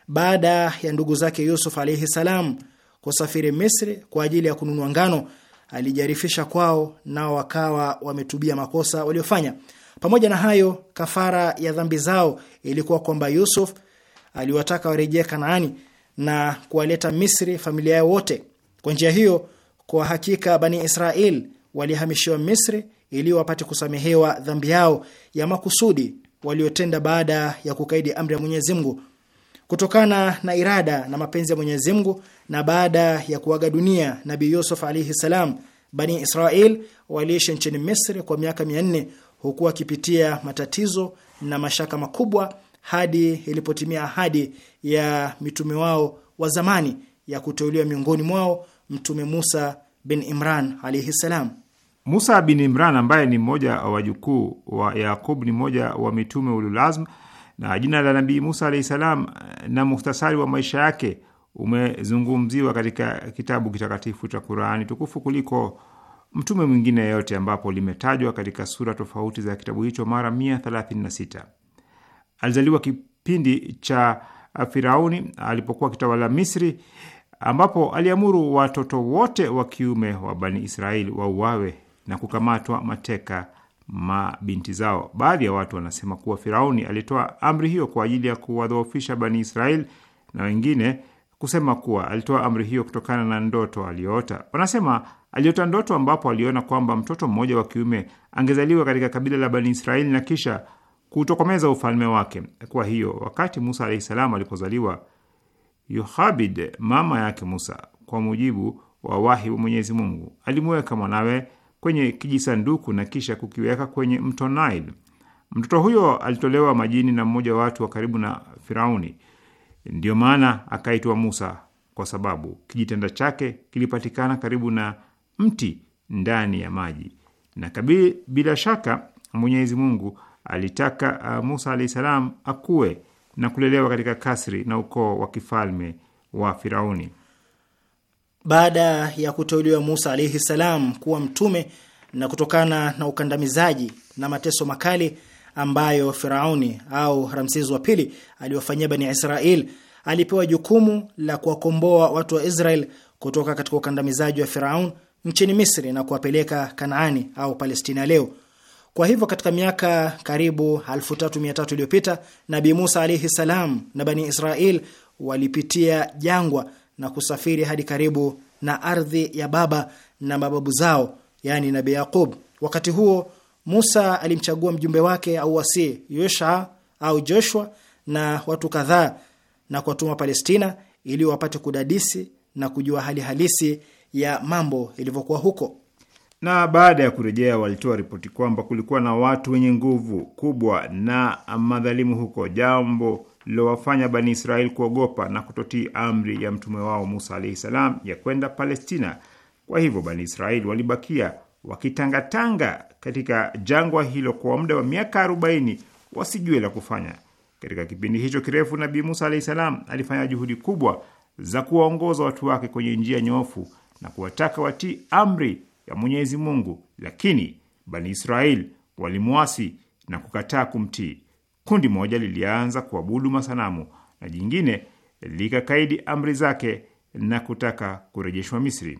Baada ya ndugu zake Yusuf alaihi salam kusafiri Misri kwa ajili ya kununua ngano, alijarifisha kwao, nao wakawa wametubia makosa waliofanya. Pamoja na hayo, kafara ya dhambi zao ilikuwa kwamba Yusuf aliwataka warejee Kanaani na kuwaleta Misri familia yao wote. Kwa njia hiyo, kwa hakika Bani Israel walihamishiwa Misri ili wapate kusamehewa dhambi yao ya makusudi waliotenda baada ya kukaidi amri ya Mwenyezi Mungu. Kutokana na irada na mapenzi ya Mwenyezi Mungu na baada ya kuaga dunia Nabii Yusuf alaihi salam, Bani Israel waliishi nchini Misri kwa miaka mia nne huku wakipitia matatizo na mashaka makubwa hadi ilipotimia ahadi ya mitume wao wa zamani ya kuteuliwa miongoni mwao Mtume Musa bin Imran alaihi salam. Musa bin Imran ambaye ni mmoja wa wajukuu wa Yaqub ni mmoja wa mitume ululazm, na jina la Nabii Musa alaihi salam eh, na muhtasari wa maisha yake umezungumziwa katika kitabu kitakatifu cha Qurani tukufu kuliko mtume mwingine yeyote, ambapo limetajwa katika sura tofauti za kitabu hicho mara 136. Alizaliwa kipindi cha Firauni alipokuwa akitawala Misri, ambapo aliamuru watoto wote wa kiume wa Bani Israeli wauawe na kukamatwa mateka mabinti zao. Baadhi ya watu wanasema kuwa Firauni alitoa amri hiyo kwa ajili ya kuwadhoofisha Bani Israeli na wengine kusema kuwa alitoa amri hiyo kutokana na ndoto aliyoota. Wanasema aliota ndoto ambapo aliona kwamba mtoto mmoja wa kiume angezaliwa katika kabila la Bani Israeli na kisha kutokomeza ufalme wake. Kwa hiyo wakati Musa alahi salam alipozaliwa, Yohabid mama yake Musa, kwa mujibu wa wahi wa Mwenyezi Mungu, alimuweka mwanawe kwenye kijisanduku na kisha kukiweka kwenye mto Nile. Mtoto huyo alitolewa majini na mmoja wa watu wa karibu na Firauni. Ndiyo maana akaitwa Musa, kwa sababu kijitenda chake kilipatikana karibu na mti ndani ya maji. Na kabili, bila shaka Mwenyezi Mungu alitaka uh, Musa alahi salam akue na kulelewa katika kasri na ukoo wa kifalme wa Firauni. Baada ya kuteuliwa Musa alaihi salam kuwa mtume na kutokana na ukandamizaji na mateso makali ambayo Firauni au Ramsizi wa pili aliwafanyia Bani Israel, alipewa jukumu la kuwakomboa watu wa Israel kutoka katika ukandamizaji wa Firaun nchini Misri na kuwapeleka Kanaani au Palestina leo. Kwa hivyo katika miaka karibu 3300 iliyopita Nabi Musa alaihi salam na Bani Israel walipitia jangwa na kusafiri hadi karibu na ardhi ya baba na mababu zao, yani Nabi Yaqub. Wakati huo Musa alimchagua mjumbe wake au wasi Yosha au Joshua na watu kadhaa na kuwatuma Palestina ili wapate kudadisi na kujua hali halisi ya mambo ilivyokuwa huko na baada ya kurejea walitoa ripoti kwamba kulikuwa na watu wenye nguvu kubwa na madhalimu huko, jambo lilowafanya Bani Israeli kuogopa na kutotii amri ya mtume wao Musa alaihi salam ya kwenda Palestina. Kwa hivyo Bani Israeli walibakia wakitangatanga katika jangwa hilo kwa muda wa miaka arobaini wasijue la kufanya. Katika kipindi hicho kirefu, Nabii Musa alahi salam alifanya juhudi kubwa za kuwaongoza watu wake kwenye njia nyoofu na kuwataka watii amri ya Mwenyezi Mungu, lakini Bani Israeli walimwasi na kukataa kumtii. Kundi moja lilianza kuabudu masanamu na jingine likakaidi amri zake na kutaka kurejeshwa Misri.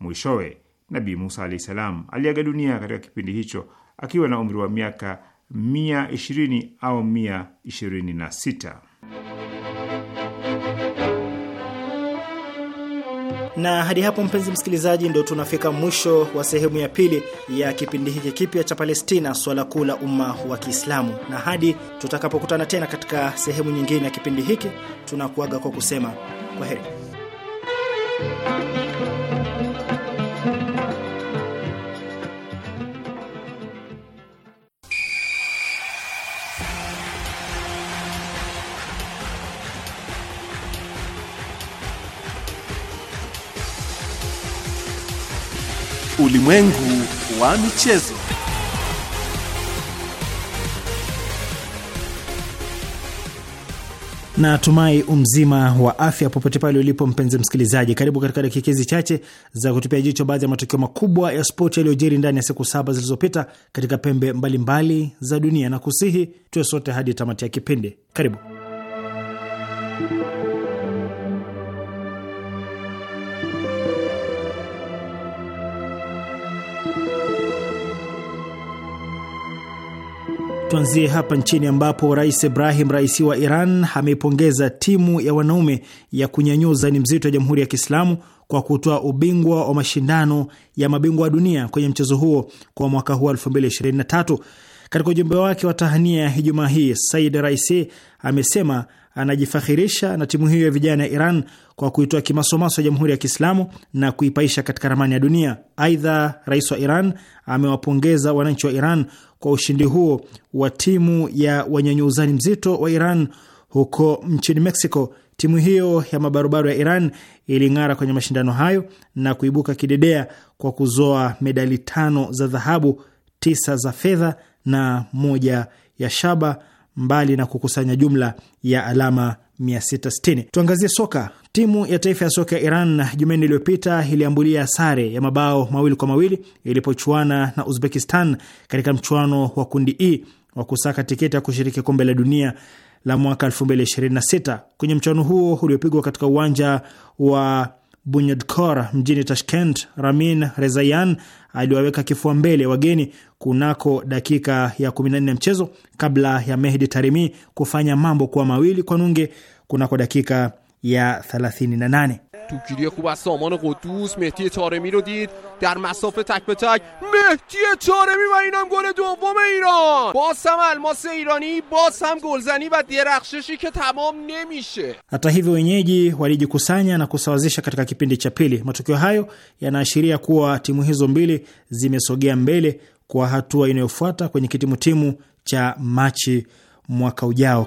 Mwishowe Nabii Musa alahi salam aliaga dunia katika kipindi hicho akiwa na umri wa miaka mia ishirini au mia ishirini na sita. Na hadi hapo, mpenzi msikilizaji, ndio tunafika mwisho wa sehemu ya pili ya kipindi hiki kipya cha Palestina, swala kuu la umma wa Kiislamu. Na hadi tutakapokutana tena katika sehemu nyingine ya kipindi hiki, tunakuaga kwa kusema kwa heri. ulimwengu wa michezo. na tumai umzima wa afya popote pale ulipo, mpenzi msikilizaji. Karibu katika dakika hizi chache za kutupia jicho baadhi ya matukio makubwa ya spoti yaliyojiri ndani ya siku saba zilizopita katika pembe mbalimbali mbali za dunia, na kusihi tuwe sote hadi tamati ya kipindi. Karibu. Tuanzie hapa nchini ambapo Rais Ibrahim Raisi wa Iran ameipongeza timu ya wanaume ya kunyanyua uzani mzito ya Jamhuri ya Kiislamu kwa kutoa ubingwa wa mashindano ya mabingwa wa dunia kwenye mchezo huo kwa mwaka huu 2023. Katika ujumbe wake wa tahania Ijumaa hii, Said Raisi amesema anajifakhirisha na timu hiyo ya vijana ya Iran kwa kuitoa kimasomaso ya Jamhuri ya Kiislamu na kuipaisha katika ramani ya dunia. Aidha, rais wa Iran amewapongeza wananchi wa Iran kwa ushindi huo wa timu ya wanyanyuuzani mzito wa Iran huko nchini Mexico. Timu hiyo ya mabarobaro ya Iran iling'ara kwenye mashindano hayo na kuibuka kidedea kwa kuzoa medali tano za dhahabu, tisa za fedha na moja ya shaba mbali na kukusanya jumla ya alama 660. Tuangazie soka. Timu ya taifa ya soka ya Iran Jumanne iliyopita iliambulia sare ya mabao mawili kwa mawili ilipochuana na Uzbekistan katika mchuano wa kundi E wa kusaka tiketi ya kushiriki kombe la dunia la mwaka 2026. Kwenye mchuano huo uliopigwa katika uwanja wa Bunyodkor mjini Tashkent, Ramin Rezayan aliwaweka kifua mbele wageni kunako dakika ya 14 ya mchezo kabla ya Mehdi Taremi kufanya mambo kuwa mawili kwa nunge kunako dakika ya 38. توگیری خوب از سامان قدوس مهدی تارمی رو دید در مسافه تک به تک مهدی تارمی و اینم گل دوم ایران باز هم الماس ایرانی باز هم گلزنی و درخششی که تمام نمیشه hata hivyo wenyeji walijikusanya na kusawazisha katika kipindi cha pili matokeo hayo yanaashiria kuwa timu hizo mbili zimesogea mbele kwa hatua inayofuata kwenye kitimutimu cha Machi mwaka ujao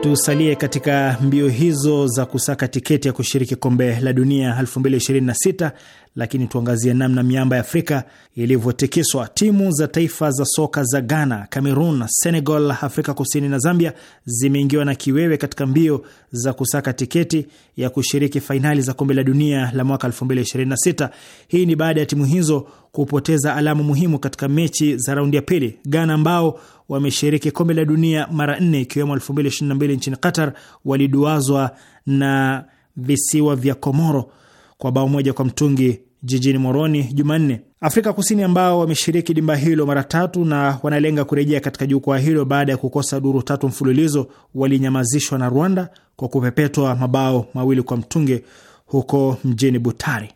Tusalie katika mbio hizo za kusaka tiketi ya kushiriki kombe la dunia 2026 lakini tuangazie namna miamba ya Afrika ilivyotekeswa. Timu za taifa za soka za Ghana, Cameroon, Senegal, Afrika Kusini na Zambia zimeingiwa na kiwewe katika mbio za kusaka tiketi ya kushiriki fainali za kombe la dunia la mwaka 2026. Hii ni baada ya timu hizo kupoteza alama muhimu katika mechi za raundi ya pili. Ghana ambao wameshiriki kombe la dunia mara nne ikiwemo 2022 nchini Qatar, waliduazwa na visiwa vya Komoro kwa bao moja kwa mtungi jijini Moroni Jumanne. Afrika Kusini ambao wameshiriki dimba hilo mara tatu na wanalenga kurejea katika jukwaa hilo baada ya kukosa duru tatu mfululizo, walinyamazishwa na Rwanda kwa kupepetwa mabao mawili kwa mtungi huko mjini Butari.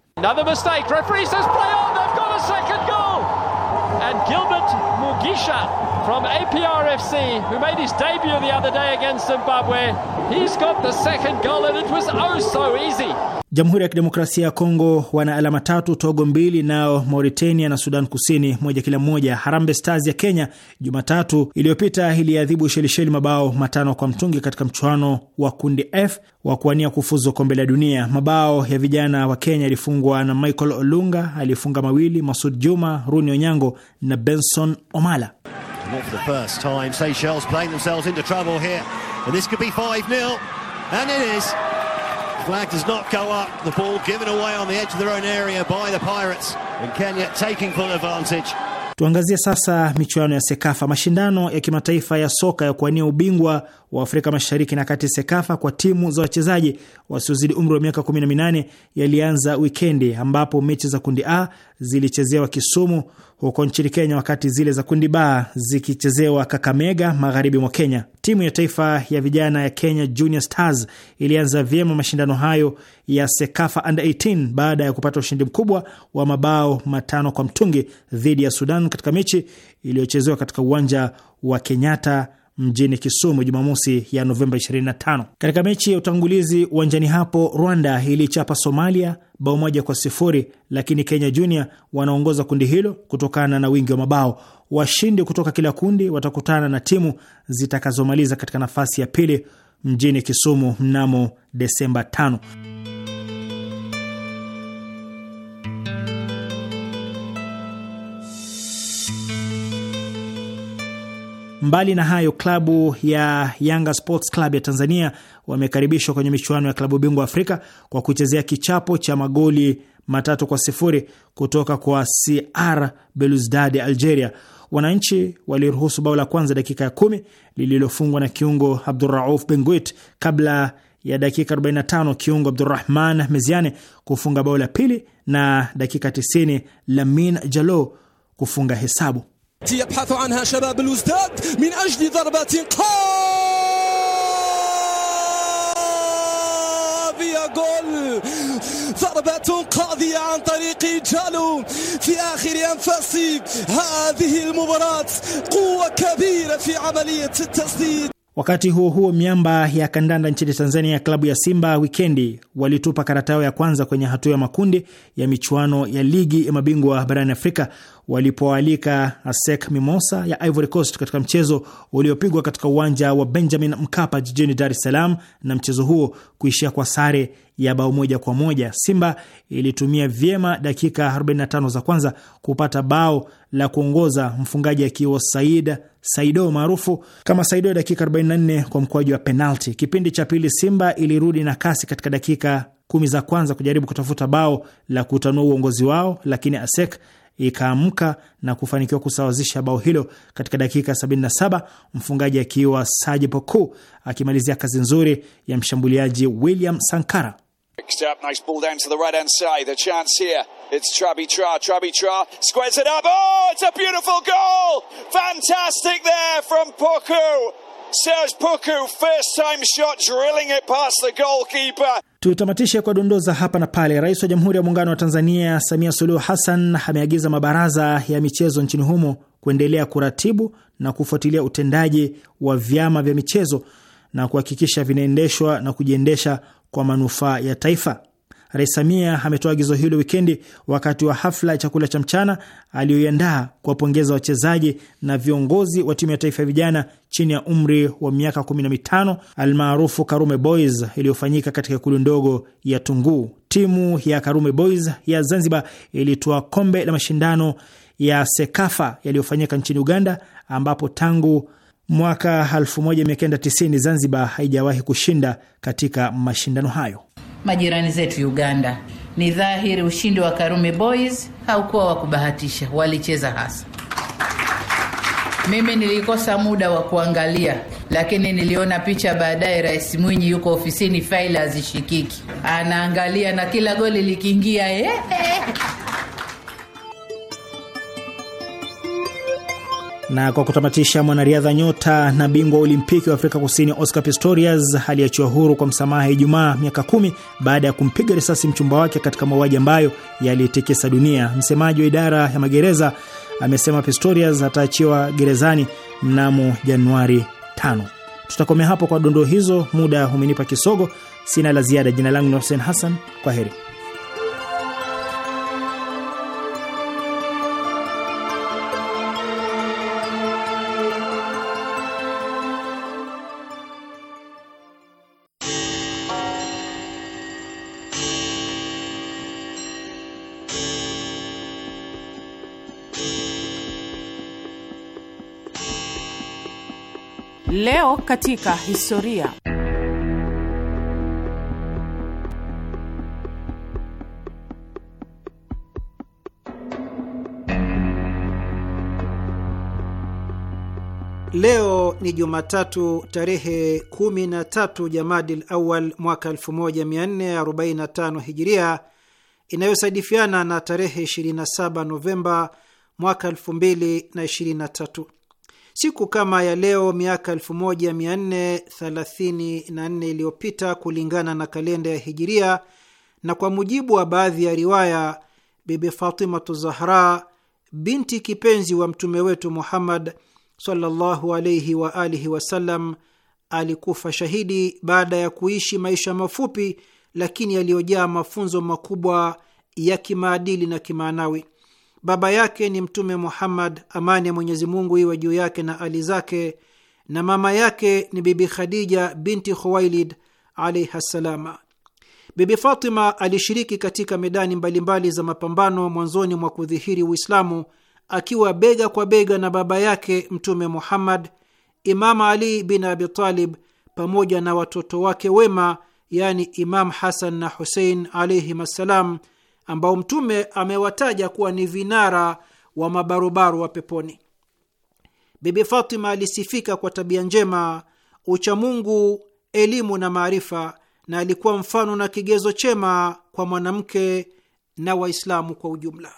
Gisha from APRFC, who made his debut the other day against Zimbabwe. He's got the second goal and it was oh so easy. Jamhuri ya Kidemokrasia ya Kongo wana alama tatu, Togo mbili, nao Mauritania na Sudan Kusini moja kila moja. Harambee Stars ya Kenya Jumatatu iliyopita iliadhibu Shelisheli mabao matano kwa mtungi katika mchuano wa kundi F wa kuwania kufuzu kombe la dunia. Mabao ya vijana wa Kenya yalifungwa na Michael Olunga aliyefunga mawili, Masud Juma, Runi Onyango na Benson Oma. Mala. Not for the first time, Seychelles playing themselves into trouble here. And this could be 5 0. And it is. Flag does not go up. The ball given away on the edge of their own area by the Pirates. And Kenya taking full advantage. Tuangazie sasa michuano ya SEKAFA, mashindano ya kimataifa ya soka ya kuwania ubingwa wa Afrika Mashariki na Kati, SEKAFA, kwa timu za wachezaji wasiozidi umri wa miaka 18 yalianza wikendi, ambapo mechi za kundi A zilichezewa Kisumu huko nchini Kenya, wakati zile za kundi B zikichezewa Kakamega, magharibi mwa Kenya. Timu ya taifa ya vijana ya Kenya, Junior Stars, ilianza vyema mashindano hayo ya SEKAFA Under 18 baada ya kupata ushindi mkubwa wa mabao matano kwa mtungi dhidi ya Sudan katika mechi iliyochezewa katika uwanja wa Kenyatta mjini Kisumu Jumamosi ya Novemba 25. Katika mechi ya utangulizi uwanjani hapo, Rwanda ilichapa Somalia bao moja kwa sifuri, lakini Kenya Junior wanaongoza kundi hilo kutokana na wingi wa mabao. Washindi kutoka kila kundi watakutana na timu zitakazomaliza katika nafasi ya pili mjini Kisumu mnamo Desemba 5. Mbali na hayo, klabu ya Yanga Sports Club ya Tanzania wamekaribishwa kwenye michuano ya klabu bingwa Afrika kwa kuchezea kichapo cha magoli matatu kwa sifuri kutoka kwa CR Belouizdad Algeria. Wananchi waliruhusu bao la kwanza dakika ya kumi lililofungwa na kiungo Abdurauf Benguit kabla ya dakika 45 kiungo Abdurahman Meziane kufunga bao la pili na dakika 90 Lamin Jalo kufunga hesabu. يبحث عنها شباب الوزداد من أجل ضربة قاضية جول ضربة قاضية عن طريق جالو في آخر أنفاس هذه المباراة قوة كبيرة في عملية التسديد Wakati huo huo, miamba ya kandanda nchini Tanzania ya klabu ya Simba wikendi walitupa karata yao ya kwanza kwenye hatua ya makundi ya michuano ya ligi ya mabingwa barani Afrika walipoalika ASEC Mimosa ya Ivory Coast katika mchezo uliopigwa katika uwanja wa Benjamin Mkapa jijini Dar es Salaam, na mchezo huo kuishia kwa sare ya bao moja kwa moja. Simba ilitumia vyema dakika 45 za kwanza kupata bao la kuongoza mfungaji akiwa Said Saido maarufu kama Saido dakika 44 kwa mkwaju wa penalti. Kipindi cha pili Simba ilirudi na kasi katika dakika kumi za kwanza kujaribu kutafuta bao la kutanua uongozi wao, lakini ASEC ikaamka na kufanikiwa kusawazisha bao hilo katika dakika 77, mfungaji akiwa Saji Poku akimalizia kazi nzuri ya mshambuliaji William Sankara. Next up, nice ball down to the right hand side. A chance here. It's Trabi Tra. Trabi Tra squares it up. Oh, it's a beautiful goal! Fantastic there from Poku. Serge Puku, first time shot drilling it past the goalkeeper. Tutamatishe kwa dondoza hapa na pale. Rais wa Jamhuri ya Muungano wa Tanzania Samia Suluhu Hassan ameagiza mabaraza ya michezo nchini humo kuendelea kuratibu na kufuatilia utendaji wa vyama vya michezo na kuhakikisha vinaendeshwa na kujiendesha kwa manufaa ya taifa. Rais Samia ametoa agizo hilo wikendi wakati wa hafla ya chakula cha mchana aliyoiandaa kuwapongeza wachezaji na viongozi wa timu ya taifa ya vijana chini ya umri wa miaka 15 almaarufu Karume Boys iliyofanyika katika ikulu ndogo ya Tunguu. Timu ya Karume Boys ya Zanzibar ilitoa kombe la mashindano ya Sekafa yaliyofanyika nchini Uganda ambapo tangu Mwaka 1990 Zanzibar haijawahi kushinda katika mashindano hayo. Majirani zetu Uganda, ni dhahiri ushindi wa Karume Boys haukuwa wa kubahatisha, walicheza hasa. Mimi nilikosa muda wa kuangalia, lakini niliona picha baadaye. Rais Mwinyi yuko ofisini, faili hazishikiki, anaangalia na kila goli likiingia, eh, eh. Na kwa kutamatisha, mwanariadha nyota na bingwa wa olimpiki wa Afrika Kusini Oscar Pistorius aliachiwa huru kwa msamaha Ijumaa, miaka kumi baada ya kumpiga risasi mchumba wake katika mauaji ambayo yalitikisa dunia. Msemaji wa idara ya magereza amesema Pistorius ataachiwa gerezani mnamo Januari 5. Tutakomea hapo kwa dondoo hizo, muda umenipa kisogo. Sina la ziada. Jina langu ni Hussein Hassan, kwa heri. Leo katika historia. Leo ni Jumatatu tarehe 13 Jamadil Awal mwaka 1445 Hijiria, inayosadifiana na tarehe 27 Novemba mwaka 2023. Siku kama ya leo miaka 1434 iliyopita kulingana na kalenda ya Hijiria, na kwa mujibu wa baadhi ya riwaya, Bibi Fatimatu Zahra binti kipenzi wa mtume wetu Muhammad sallallahu alayhi wa alihi wasallam alikufa shahidi baada ya kuishi maisha mafupi lakini yaliyojaa mafunzo makubwa ya kimaadili na kimaanawi. Baba yake ni Mtume Muhammad, amani ya Mwenyezi Mungu iwe juu yake na ali zake, na mama yake ni Bibi Khadija binti Khuwailid alaiha ssalama. Bibi Fatima alishiriki katika medani mbalimbali za mapambano mwanzoni mwa kudhihiri Uislamu akiwa bega kwa bega na baba yake Mtume Muhammad, Imam Ali bin Abi Talib pamoja na watoto wake wema, yani Imam Hasan na Husein alaihim assalam ambao Mtume amewataja kuwa ni vinara wa mabarobaro wa peponi. Bibi Fatima alisifika kwa tabia njema, uchamungu, elimu na maarifa, na alikuwa mfano na kigezo chema kwa mwanamke na Waislamu kwa ujumla.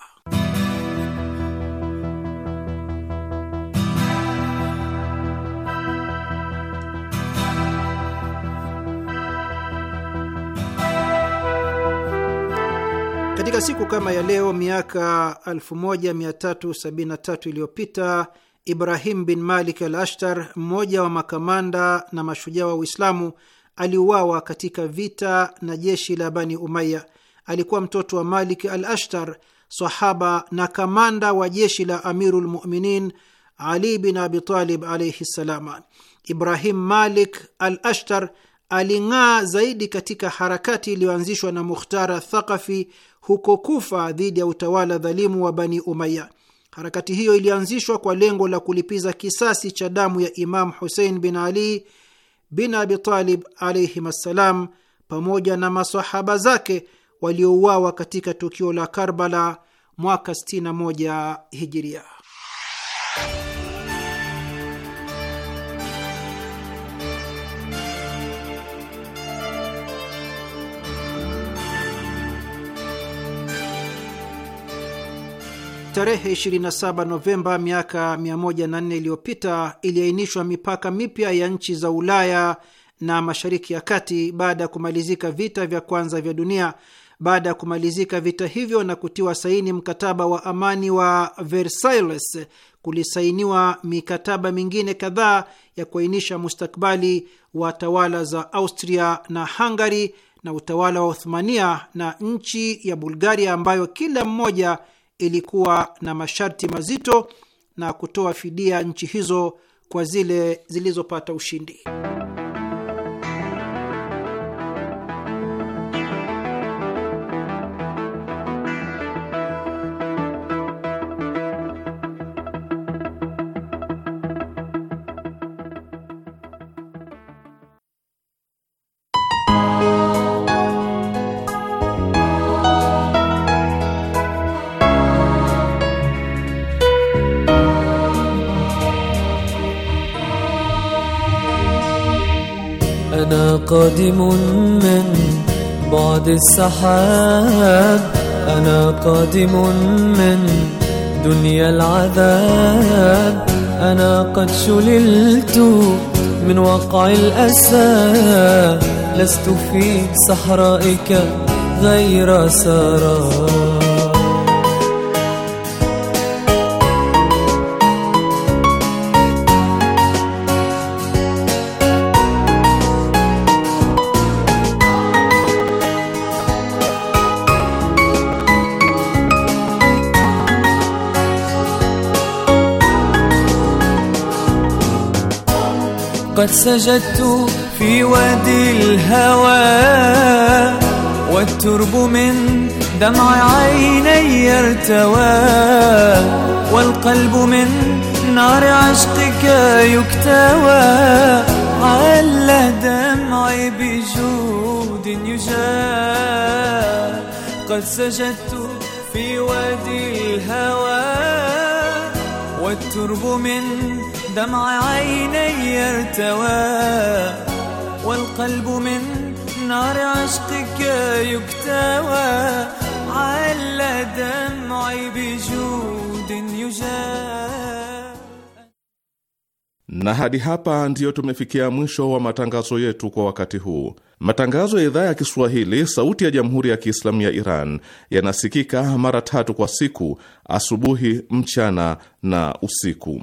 Katika siku kama ya leo miaka 1373 iliyopita Ibrahim bin Malik al Ashtar, mmoja wa makamanda na mashujaa wa Uislamu, aliuawa katika vita na jeshi la Bani Umaya. Alikuwa mtoto wa Malik al Ashtar, sahaba na kamanda wa jeshi la Amiru lmuminin Ali bin abitalib alaihi ssalama. Ibrahim Malik al Ashtar aling'aa zaidi katika harakati iliyoanzishwa na Mukhtara Thaqafi huko Kufa dhidi ya utawala dhalimu wa Bani Umaya. Harakati hiyo ilianzishwa kwa lengo la kulipiza kisasi cha damu ya Imamu Husein bin Ali bin Abitalib alaihim assalam, pamoja na masahaba zake waliouawa katika tukio la Karbala mwaka 61 hijiria. Tarehe 27 Novemba miaka 104 iliyopita iliainishwa mipaka mipya ya nchi za Ulaya na Mashariki ya Kati baada ya kumalizika vita vya kwanza vya dunia. Baada ya kumalizika vita hivyo na kutiwa saini mkataba wa amani wa Versailles, kulisainiwa mikataba mingine kadhaa ya kuainisha mustakbali wa tawala za Austria na Hungary na utawala wa Uthmania na nchi ya Bulgaria ambayo kila mmoja ilikuwa na masharti mazito na kutoa fidia nchi hizo kwa zile zilizopata ushindi. قادم من بعد السحاب أنا قادم من دنيا العذاب أنا قد شللت من وقع الأسى لست في صحرائك غير سراب قد سجدت في وادي الهوى والترب من دمع عيني ارتوى والقلب من نار عشقك يكتوى على دمعي بجود يجاه قد سجدت في وادي الهوى والترب من دمع عيني ارتوى والقلب من نار عشقك يكتوى على دمعي بجود يجاه. Na hadi hapa ndiyo tumefikia mwisho wa matangazo yetu kwa wakati huu. Matangazo ya idhaa ya Kiswahili sauti ya Jamhuri ya Kiislamu ya Iran yanasikika mara tatu kwa siku: asubuhi, mchana na usiku.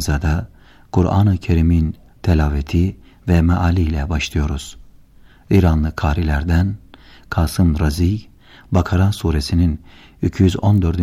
programımıza da Kur'an-ı Kerim'in telaveti ve mealiyle başlıyoruz. İranlı karilerden Kasım Razi, Bakara suresinin 214.